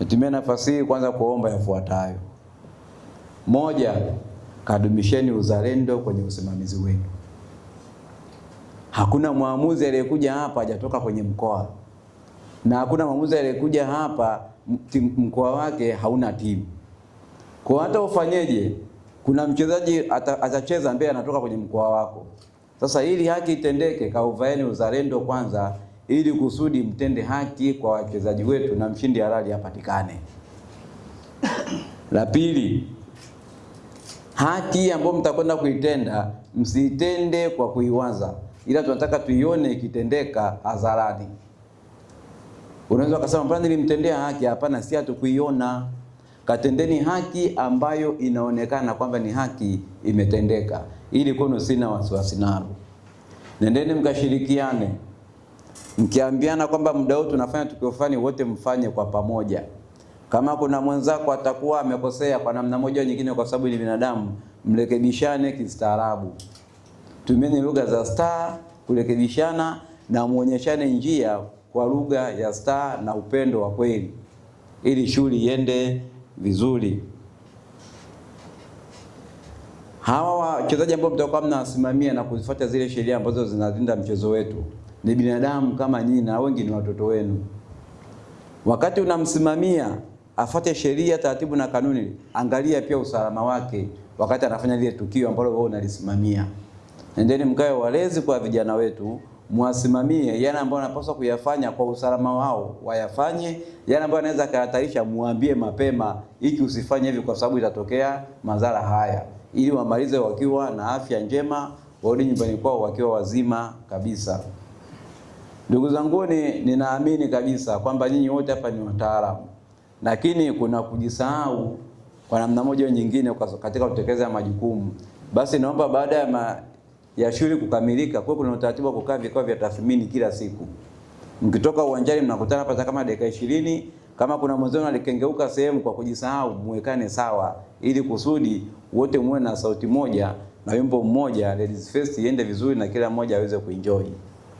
Nitumie nafasi hii kwanza kuomba yafuatayo. Moja, kadumisheni uzalendo kwenye usimamizi wenu. Hakuna mwamuzi aliyekuja hapa hajatoka kwenye mkoa, na hakuna mwamuzi aliyekuja hapa mkoa wake hauna timu. Kwa hata ufanyeje, kuna mchezaji atacheza mbele, anatoka kwenye mkoa wako. Sasa ili haki itendeke, kauvaeni uzalendo kwanza ili kusudi mtende haki kwa wachezaji wetu na mshindi halali apatikane. La pili, haki ambayo mtakwenda kuitenda msiitende kwa kuiwaza, ila tunataka tuione ikitendeka hadharani. Unaweza ukasema mbona nilimtendea haki? Hapana, si hatukuiona. Katendeni haki ambayo inaonekana kwamba ni haki imetendeka, ili kono sina wasiwasi nalo. Nendeni mkashirikiane mkiambiana kwamba muda huu tunafanya tukio fulani, wote mfanye kwa pamoja. Kama kuna mwenzako atakuwa amekosea kwa namna moja nyingine, kwa sababu ni binadamu, mrekebishane kistaarabu. Tumieni lugha za staa kurekebishana na muonyeshane njia kwa lugha ya staa na upendo wa kweli, ili shughuli iende vizuri. Hawa wachezaji ambao mtakuwa mnawasimamia na kuzifuata zile sheria ambazo zinalinda mchezo wetu ni binadamu kama nyinyi na wengi ni watoto wenu. Wakati unamsimamia afate sheria, taratibu na kanuni, angalia pia usalama wake wakati anafanya lile tukio ambalo wewe unalisimamia. Endeni mkae walezi kwa vijana wetu, mwasimamie yale ambayo anapaswa kuyafanya kwa usalama wao, wayafanye. Yale ambayo anaweza kuhatarisha, muambie mapema, hiki usifanye hivi, kwa sababu itatokea madhara haya, ili wamalize wakiwa na afya njema, warudi nyumbani kwao wakiwa wazima kabisa. Ndugu zanguni, ninaamini kabisa kwamba nyinyi wote hapa ni wataalamu, lakini kuna kujisahau kwa namna moja au nyingine katika kutekeleza majukumu. Basi naomba baada ya ma, ya shule kukamilika, kwa kuna utaratibu wa kukaa vikao vya tathmini kila siku. Mkitoka uwanjani, mnakutana hapa kama dakika ishirini. Kama kuna mwenzenu alikengeuka sehemu kwa kujisahau, muwekane sawa, ili kusudi wote muwe na sauti moja na wimbo mmoja, Ladies First iende vizuri na kila mmoja aweze kuenjoy.